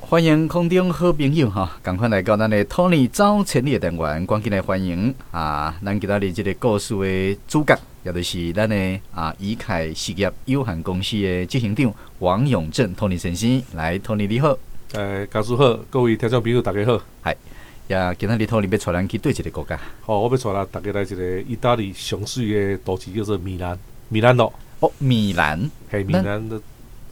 歡迎空中好朋友哈，趕快嚟到咱的托尼走前列成員，趕緊來歡迎啊！咱意大這呢個故事的主角，也都是咱的啊，以凱事業有限公司的執行長王永正，托尼先生，來托尼你好，誒、哎，家主好，各位聽眾朋友大家好，係、哎，也、啊、今天嚟托尼要帶人去對一個國家，好、哦，我要帶啦，大家來這個意大利上水的都市叫做米蘭，米蘭諾，哦，米蘭，係米蘭。